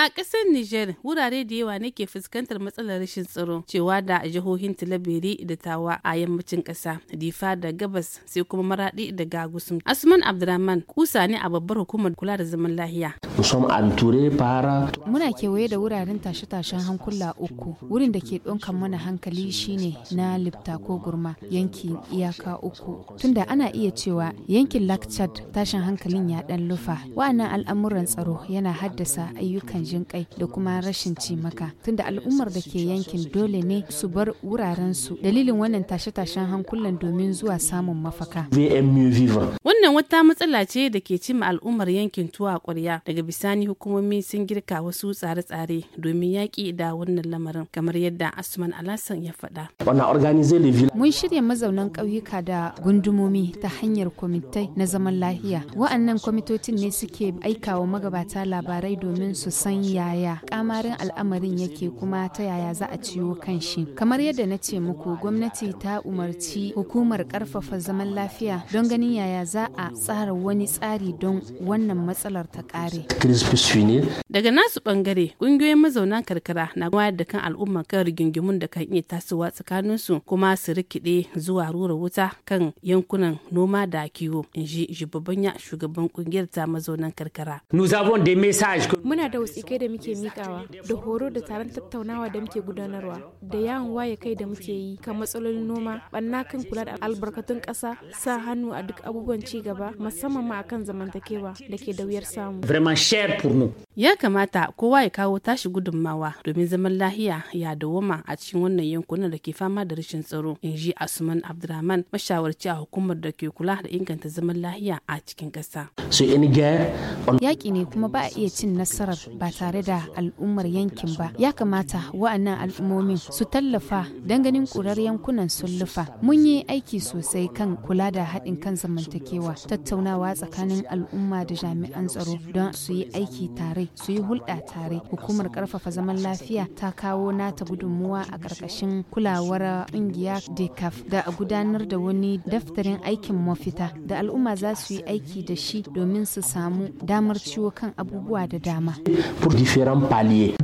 A ƙasar Nijar wurare da yawa nake fuskantar matsalar rashin tsaro cewa da jihohin tilabiri da Tawa a yammacin ƙasa, Difa da Gabas sai kuma maradi da Gagusun. Asman Abdurrahman kusa ne a babbar hukumar kula da zaman lahiya. Muna kewaye da wuraren tashe-tashen hankula uku. Wurin da ke ɗaukan mana hankali shine na Lipta ko Gurma yankin iyaka uku. Tunda ana iya cewa yankin Lakchad tashin hankalin ya ɗan lufa. Wa'annan al'amuran tsaro yana haddasa ayyukan jin kai da kuma rashin cimaka tunda al'ummar da ke yankin dole ne su bar wuraren su dalilin wannan tashe-tashen hankulan domin zuwa samun mafaka. Wannan wata matsala ce da ke cima al'ummar yankin tuwa ƙwarya daga bisani hukumomi sun girka wasu tsare-tsare domin yaƙi da wannan lamarin kamar yadda Asman Alasan ya faɗa. Mun shirya mazaunan ƙauyuka da gundumomi ta hanyar kwamitai na zaman lahiya. Wa'annan kwamitocin ne suke aikawa magabata labarai domin su san yaya kamarin al'amarin yake kuma ta yaya za a ciwo kan shi kamar yadda na ce muku gwamnati ta umarci hukumar karfafa zaman lafiya don ganin yaya za a tsara wani tsari don wannan matsalar ta kare daga nasu bangare kungiyoyin mazauna karkara na wayar da kan al'umma kan rigingimun da kan iya tasowa tsakaninsu kuma su rikide zuwa rura wuta kan yankunan noma da kiwo in ji jibabanya shugaban kungiyar ta mazaunan karkara muna da matakai da muke mikawa da horo da taron tattaunawa da muke gudanarwa da yawon waye kai da muke yi kan matsalolin noma banna kan kula da albarkatun ƙasa sa hannu a duk abubuwan ci gaba musamman ma akan zamantakewa da ke da wuyar samu. Ya kamata kowa ya kawo tashi gudunmawa domin zaman lahiya ya dawoma a cikin wannan yankunan da ke fama da rashin tsaro in ji Asuman abdurrahman mashawarci a hukumar da ke kula da inganta zaman lahiya a cikin ƙasa. Yaƙi ne kuma ba a iya cin nasarar ba tare da al'ummar yankin ba ya kamata wa'annan al'ummomin su tallafa don ganin kurar yankunan sullufa mun yi aiki sosai kan kula da haɗin kan zamantakewa tattaunawa tsakanin al'umma da jami'an tsaro don su yi aiki tare su yi hulɗa tare hukumar ƙarfafa zaman lafiya ta kawo nata gudunmuwa a ƙarƙashin kulawar ƙungiya decaf da a gudanar da wani daftarin aikin mafita da al'umma za su yi aiki da shi domin su samu damar ciwo kan abubuwa da dama différents paliers.